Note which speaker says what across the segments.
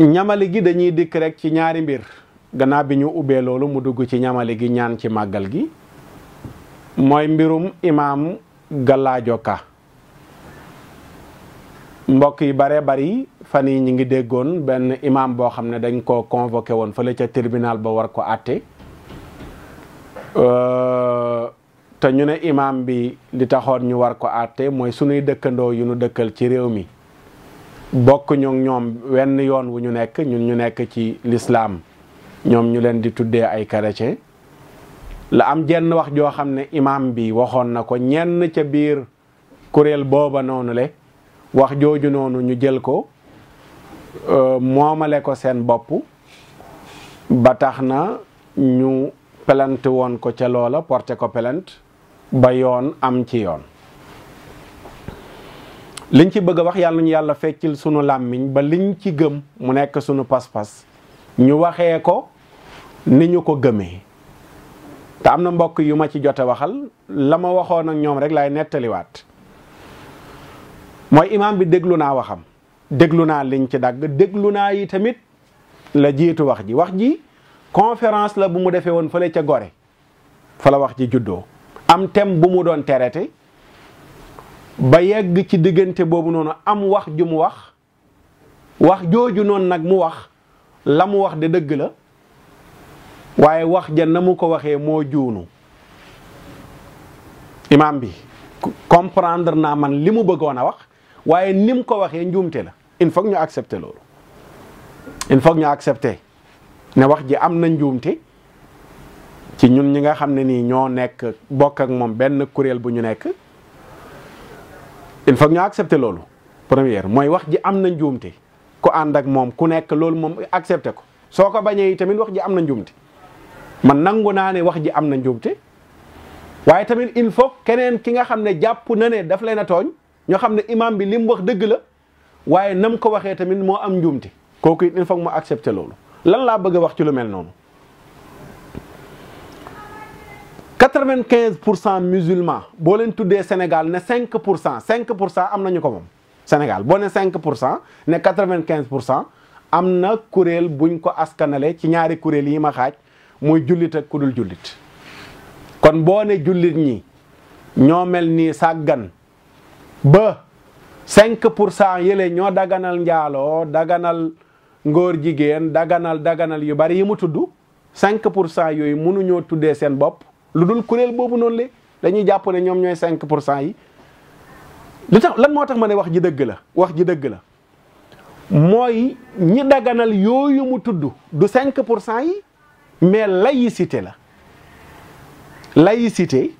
Speaker 1: ñamale gi dañuy dikk rek ci ñaari mbir gannaaw bi ñu ubbee loolu mu dugg ci ñamale gi ñaan ci màggal gi mooy mbirum imaam Gallaajo mbokk yi bare bari fan yi ñu ngi déggoon benn imaam boo xam ne dañ ko convoqué woon fële ca tribunal ba war ko àtte te ñu ne imaam bi li taxoon ñu war ko àtte mooy sunuy dëkkandoo yu nu dëkkal ci réew mi bokk ñu ñoom wenn yoon wu ñu nekk ñu ñu nekk ci lislaam ñoom ñu leen di tuddee ay chrétien la am jenn wax joo xam ne imaam bi waxoon na ko ñenn ca biir kuréel booba noonu le wax jooju noonu ñu jël ko euh, moomale ko seen bopp ba tax na ñu pelante woon ko ca loola porté ko pelante ba yoon am ci yoon liñ ci bëgg a wax yàlla ñu yàlla feccil sunu làmmiñ ba liñ ci gëm mu nekk sunu pas-pas ñu waxee ko ni ñu ko gëmee te am na mbokk yu ma ci jote waxal la ma waxoon ak ñoom rek laay nettaliwaat mooy imaam bi déglu naa waxam déglu naa liñ ci dagg déglu naa yi tamit la jiitu wax ji wax ji conférence la bu mu defee woon fële ca gore fa la wax ji juddoo am thème bu mu doon terete ba yegg ci diggante boobu noonu am wax ju mu wax wax jooju noonu nag mu wax la mu wax de dëgg la waaye wax ja na mu ko waxee moo juunu imaam bi comprendre naa man li mu bëggoon a wax waaye ni ko waxee njuumte la il faut ñu accepter loolu il faut ñu accepter ne wax ji am na njuumte ci ñun ñi nga xam ne nii ñoo nekk bokk ak moom benn kuréel bu ñu nekk il faut ñu accepter loolu première mooy wax ji am na njuumte ku ànd ak moom ku nekk loolu moom accepter ko soo ko bañee yi tamit wax ji am na njuumte man nangu naa ne wax ji am na njuumte waaye tamit il faut keneen ki nga xam ne jàpp na ne daf leen a tooñ ñoo xam ne imam bi li mu wax dëgg la waaye nam ko waxee tamit moo am njuumte kooku it il faut mu accepter loolu lan laa bëgg a wax ci lu mel noonu quatre-vingt-quinze pour cent musulmans boo leen tuddee Sénégal ne cinq pour cent cinq pour cent am nañu ko moom Sénégal boo ne cinq pour cent ne quatre-vingt-quinze pour cent am na kuréel buñ ko askanale ci ñaari kuréel yi ma xaaj muy jullit ak ku dul jullit kon boo ne jullit ñi ñoo mel ni sàggan ba cinq pour cent yële ñoo daganal njaaloo daganal ngóor jigéen daganal daganal yu bari yi mu tudd cinq pour cent yooyu mënuñoo tuddee seen bopp lu dul kuréel boobu noonu le dañuy jàpp ne ñoom ñooy 5 pour cent yi li tax lan moo tax ma ne wax ji dëgg la wax ji dëgg la mooy ñi daganal yooyu mu tudd du cinq pour cent yi mais laïcité la laïcité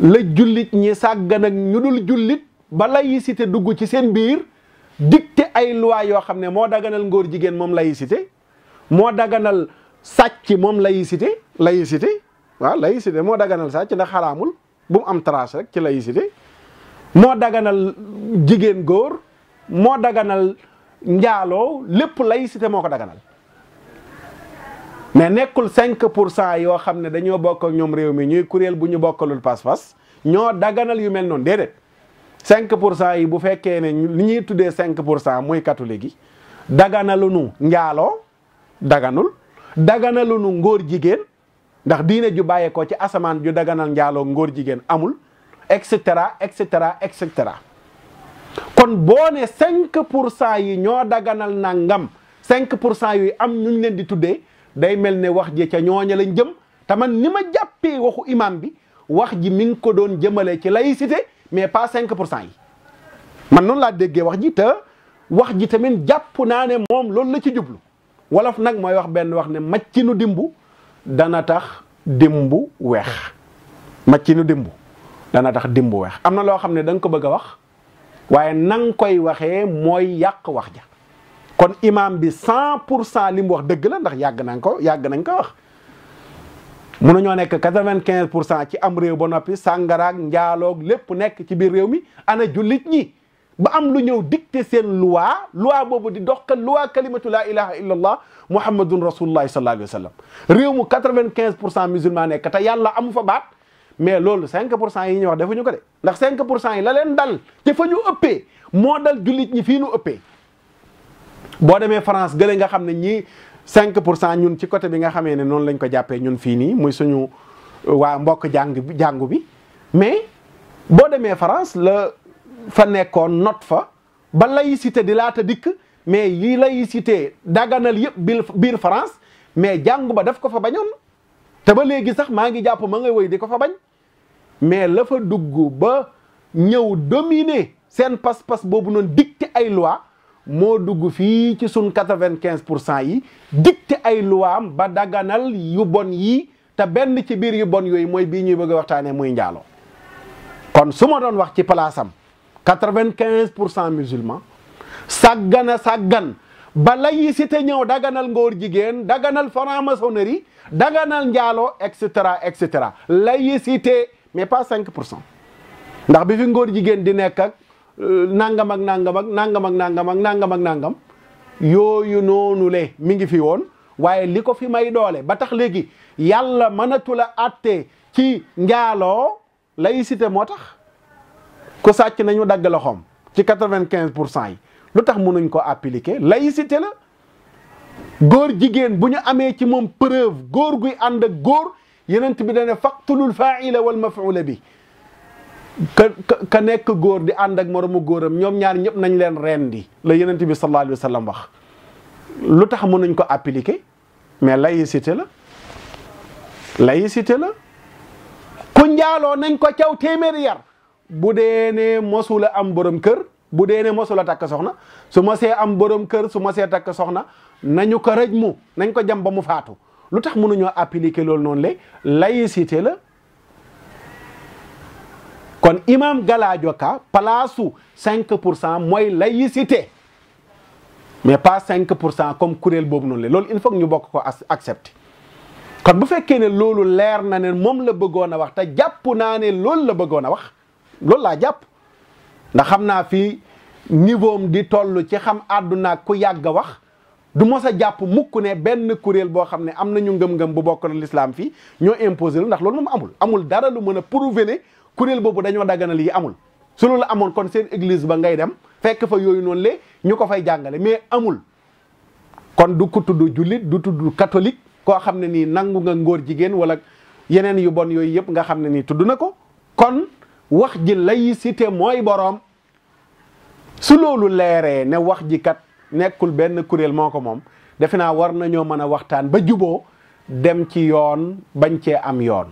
Speaker 1: la jullit ñi sàggan nag ñu dul jullit ba laïcité dugg ci seen biir te ay loi yoo xam ne moo daganal ngóor jigéen moom laïcité moo daganal sàcc moom laïcité laïcité waaw laïcité moo daganal sax ci ndax xaraamul bu mu am trace rek ci laïcité moo daganal jigéen góor moo daganal njaaloo lépp laïcité moo ko daganal mais nekkul 5 pour cent yoo xam ne dañoo bokk ñoom réew mi ñuy kuréel bu ñu bokkalul pas-pas ñoo daganal yu mel noonu déedéet 5 pour cent yi bu fekkee ne li ñuy tuddee 5 pour cent muy catholique yi nu njaaloo daganul daganaluñu ngóor jigéen. ndax diine ju bàyyeekoo ci asamaan ju daganal njaaloo ngóor jigéen amul et cetera et cetera et cetera kon boo ne cinq pour cent yi ñoo daganal nangam cinq pour cent yu am ñu leen di tuddee day mel ni wax ji ca ñooña lañ jëm te man ni ma jàppee waxu imam bi wax ji mi ngi ko doon jëmale ci laïcité mais pas cinq pour cent yi man noonu laa déggee wax ji te wax ji tamit jàpp naa ne moom loolu la ci jublu wolof nag mooy wax benn wax ne macc nu dimbu dana tax démb weex màccinu démb dana tax dimbu weex am na loo xam ne da nga ko bëgg a wax waaye na koy waxee mooy yàq wax ja kon imaam bi cent pour cent li mu wax dëgg la ndax yàgg nañ ko yàgg nañ ko wax mun nañoo nekk quatre-vingt-quinze pour cent ci am réew ba noppi sàngaraag njaaloog lépp nekk ci biir réew mi ana jullit ñi ba am lu ñëw dicté seen loi loi boobu di dox ka loi kalimatu la ilaha illa allah muhammadun rasulullahi sallallahu alayhi wa sallam réew mu quatre-vingt-quinze pour cent musulman nekk te yàlla amu fa baat mais loolu cinq pour cent yi ñuy wax ñu ko de ndax cinq pour cent yi la leen dal te fa ñu ëppee moo dal jullit ñi fii nu ëppee boo demee France gële nga xam ne ñii cinq pour cent ñun ci côté bi nga xamee ne noonu lañ ko jàppee ñun fii nii muy suñu waa mbokk jàng bi jàngu bi boo demee fa nekkoon not fa ba laïcité di laata dikk mais yi laïcité daganal yëpp biir biir France mais jàngu ba def ko fa bañoon te ba léegi sax maa ngi jàpp ma ngay woy di ko fa bañ mais la fa dugg ba ñëw dominer seen pas-pas boobu noonu dicté ay loi moo dugg fii ci sun quatre-vingt-quinze pour cent yi dicté ay loi am ba daganal yu bon yii te benn ci biir yu bon yooyu mooy bii ñuy bëgg a waxtaanee muy njaaloo kon su ma doon wax ci palaasam quatre-vingt-quinze pour cent musulman sàggan a sàggan ba laïcité ñëw daganal ngóor jigéen daganal franc-maçonnerie daganal njaaloo et cetera et cetera mais pas cinq pour cent ndax bi fi ngoor jigéen di nekk ak euh, nangam ak nangam ak nangam ak nangam ak nangam ak nangam yooyu noonu le mi ngi fi woon waaye li ko fi may doole ba tax léegi yàlla mënatu la àtte ci njaalo laïcité moo tax ku sàcc nañu dagg loxoom ci quatre-vingt-quinze pour cent yi lu tax mënuñ ko appliquer laïcité la góor jigéen bu ñu amee ci moom preuve góor guy ànd ak góor yenent bi dane faqtulul faaila wal mafuula bi ka ka nekk góor di ànd ak moromu góoram ñoom ñaar ñëpp nañ leen reen di la yenent bi sallallahu alayhi wax lu tax mënuñ ko appliquer mais laïcité la laïcité la ku njaaloo nañ ko caw téeméeri yar bu dee ne mosula am borom kër bu dee ne mosula takk soxna su mosee am borom kër su mosee takk soxna nañu ko rëj mu nañ ko jam ba mu faatu lu tax mënuñoo appliquer loolu noonu le laïcité la kon imam Galadio Ka palaasu cinq pour cent mooy laïcité mais pas cinq pour cent comme kuréel boobu noonu le loolu il faut ñu bokk ko accepter kon bu fekkee ne loolu leer na ne moom la bëggoon a wax te jàpp naa ne loolu la bëggoon a wax loolu laa jàpp ndax xam naa fi niveau am di toll ci xam àdduna ku yàgg a wax du mos a jàpp mukk ne benn kuréel boo xam ne am nañu ngëm-ngëm bu bokk na l'islam fii ñoo imposé lu ndax loolu moom amul amul dara lu mën a pour ne kuréel boobu dañoo dagganal yi amul su loolu amoon kon seen église ba ngay dem fekk fa yooyu noonu le ñu ko fay jàngale mais amul kon du ko tudd jullit du tudd catholique koo xam ne nii nangu nga ngóor jigéen wala yeneen yu bon yooyu yëpp nga xam ne nii tudd na ko wax ji lay laïcité mooy boroom su loolu leeree ne wax ji kat nekkul benn kuréel moo ko moom defe naa war nañoo mën a waxtaan ba juboo dem ci yoon bañ cee am yoon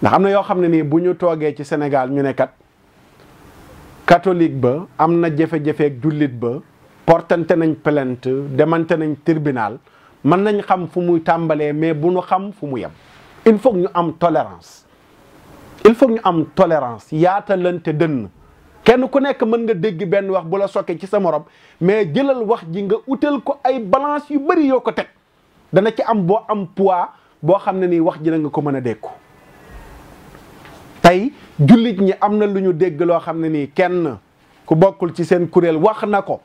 Speaker 1: ndax am na yoo xam ne nii bu ñu toogee ci Sénégal ñu ne kat katolik ba am na jafe-jafeeg jullit ba portante nañ plainte demante nañ tribunal mën nañ xam fu muy tàmbalee mais bu ñu xam fu mu yem il faut ñu am tolerance il faut ñu am tolérance yaatalante dënn kenn ku nekk mën nga dégg benn wax bu la sokkee ci sa morom mais jëlal wax ji nga utal ko ay balance yu bari yoo ko teg dana ci am boo am poids boo xam ne nii wax ji na nga ko mën a dékku tey jullit ñi am na lu ñu dégg loo xam ne nii kenn ku bokkul ci seen kuréel wax na ko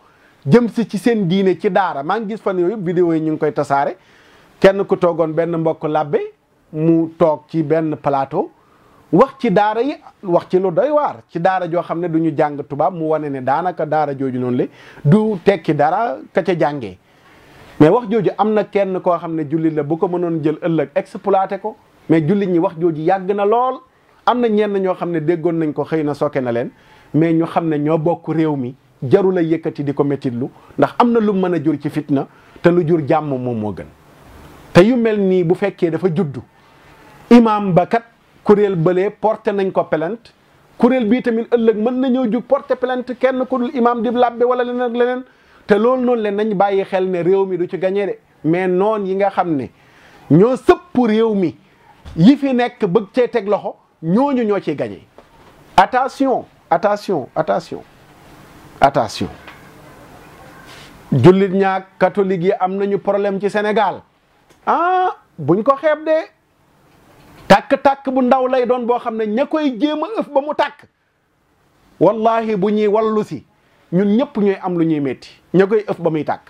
Speaker 1: jëm si ci seen diine ci daara maa ngi gis fan yooyu vidéo yi ñu ngi koy tasaare kenn ku toogoon benn mbokk làbbe mu toog ci benn palaato wax ci daara yi wax ci lu day waar ci daara joo xam ne du ñu jàng tubaab mu wane ne daanaka daara jooju noonu le du tekki dara ka ca jàngee mais wax jooju am na kenn koo xam ne jullit la bu ko mënoon jël ëllëg exploité ko mais jullit ñi wax jooju yàgg na lool am na ñenn ñoo xam ne déggoon nañ ko xëy na soke na leen mais ñu xam ne ñoo bokk réew mi jarul a yëkkati di ko métitlu ndax am na lu mën a jur ci fitna te lu jur jàmm moom moo gën te yu mel nii bu fekkee dafa juddu imam ba kat kuréel bële porté nañ ko plainte kuréel bii tamit ëllëg mën na ñëw jug porté plainte kenn ku dul imaam di labbe wala leneen leneen te loolu noon leen nañ bàyyi xel ne réew mi du ci gañee de mais noon yi nga xam ne ñoo sëpp réew mi yi fi nekk bëg cee teg loxo ñooñu ñoo ci gañee attention attention attention attention jullit ñaak catholique yi am nañu problème ci Sénégal ah buñ ko xeeb de tàkk-tàkk bu ndaw lay doon boo xam ne ña koy jéem a ëf ba mu tàkk wallahi bu ñuy wallu si ñun ñëpp ñooy am lu ñuy métti ña koy ëf ba muy tàkk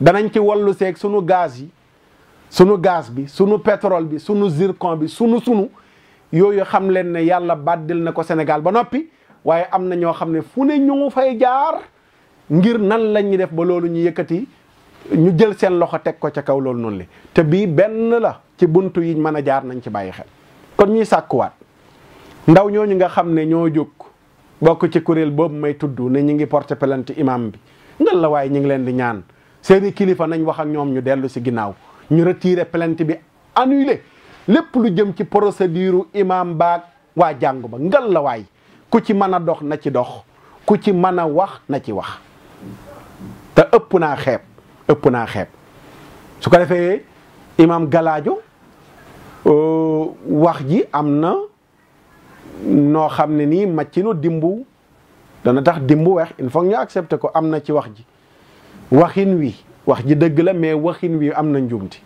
Speaker 1: danañ ci wallu seeg sunu gaz yi sunu gaz bi sunu pétrole bi sunu zircon bi sunu sunu yooyu xam leen ne yàlla bàddil na ko senegal ba noppi waaye am na ñoo xam ne fu ne ñu fay jaar ngir nan la ñuy def ba loolu ñu yëkkati ñu jël seen loxo teg ko ca kaw loolu noonu li te bii benn la ci bunt yiñ mën a jaar nañ ci bàyyi xel kon ñuy sàkkuwaat ndaw ñooñu nga xam ne ñoo jóg bokk ci kuréel boobu may tudd ne ñu ngi porté plainte imaam bi ngal ñu ngi leen di ñaan seeni kilifa nañ wax ak ñoom ñu dellu si ginnaaw ñu retiré plainte bi annulé lépp lu jëm ci procédure imaam baag waa jàngu ba ngal la ku ci mën a dox na ci dox ku ci mën a wax na ci wax te ëpp naa xeeb ëpp naa xeeb su ko defee imam Galaajo wax ji am na noo xam ne nii màccinu dimb dana tax dimbu weex il faut ñu accepter ko am na ci wax ji waxin wi wax ji dëgg la mais waxin wi am na njuumti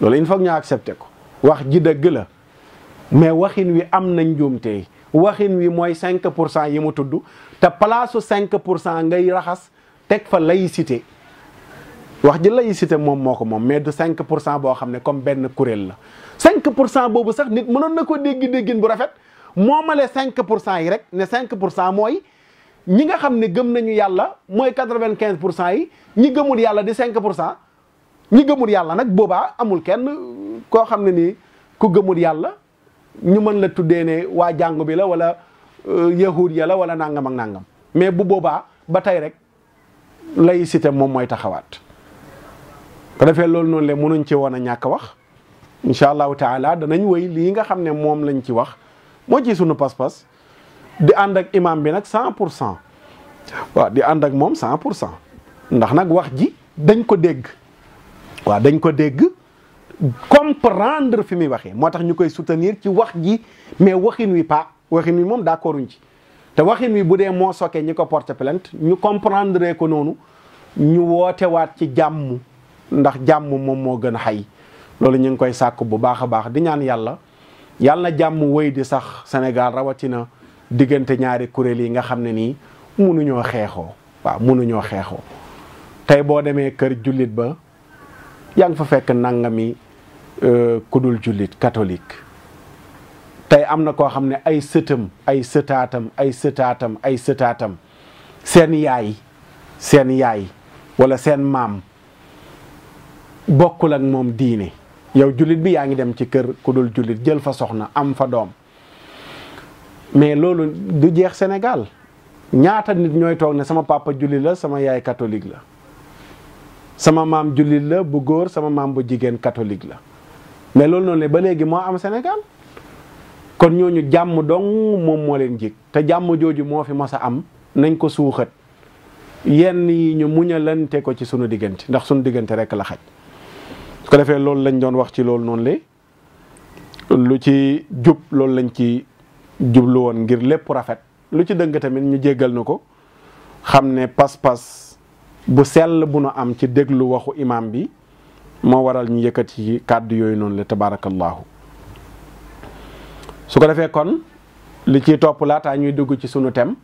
Speaker 1: loolu il faut ñu ko wax ji dëgg la mais waxin wi am na njuumte waxin wi mooy cinq pour cent yi mu tudd te palaasu cinq pour cent ngay raxas teg fa laïcité wax ji laïcité moom moo ko moom mais du cinq pour cent boo xam ne comme benn kuréel la 5 pour cent boobu sax nit mënoon na ko dégg déggin bu rafet moomale cinq pour cent yi rek ne 5 pour cent mooy ñi nga xam ne gëm nañu yàlla mooy 95 pour cent yi ñi gëmul yàlla di 5 pour cent ñi gëmul yàlla nag boobaa amul kenn koo xam ne nii ku gëmul yàlla ñu mën la tuddee ne waa jàngu bi la wala euh, yahud ya la wala nangam ak nangam mais bu boobaa ba tey rek laïcité moom mooy taxawaat. ko defee loolu noonu le mënuñ ci woon a ñàkk wax incha allahu taala danañ wéy lii nga xam ne moom lañ ci wax moo ci sunu pas-pas di ànd ak imam bi nag cent pour cent waaw di ànd ak moom cent pour cent ndax nag wax ji dañ ko dégg waaw dañ ko dégg comprendre fi muy waxee moo tax ñu koy soutenir ci wax ji mais waxin wi pa waxin wi moom d'accorduñ ci te waxin wi bu dee moo sokkee ñu ko porte plainte ñu comprendre ko noonu ñu wootewaat ci jàmm ndax jàmm moom moo gën a xay loolu ñu ngi koy sàkk bu baax a baax di ñaan yàlla yàlla na jàmm wéy di sax senegal rawatina diggante ñaari kuréel yi nga xam ne nii munuñoo xeexoo waaw munuñoo xeexoo tey boo demee kër jullit ba yaa ngi fa fekk nangami euh, kudul jullit katolik tey am na koo xam ne ay sëtam ay sëtaatam ay sëtaatam ay sëtaatam seen yaay seen yaay wala seen maam bokkul ak moom diine yow jullit bi yaa ngi dem ci kër ku dul jullit jël fa soxna am fa doom mais loolu du jeex Sénégal ñaata nit ñooy toog ne sama papa jullit la sama yaay katolik la sama maam jullit la bu góor sama maam bu jigéen katolik la mais loolu noonu ne ba léegi moo am senegal kon ñooñu jàmm dong moom moo leen jig te jàmm jooju moo fi mos a am nañ ko suuxat yenn yi ñu muñalante ko ci sunu diggante ndax sunu diggante rekk la xaj ko defee loolu lañ doon wax ci loolu noonu li lu ci jub loolu lañ ci jublu woon ngir lépp rafet lu ci dëng tamit ñu jéggal na ko xam ne pas-pas bu sell bu nu am ci déglu waxu imaam bi moo waral ñu yëkkati kàddu yooyu noonu la tabaarakallaahu su ko defee kon li ciy topp laataa ñuy dugg ci sunu tem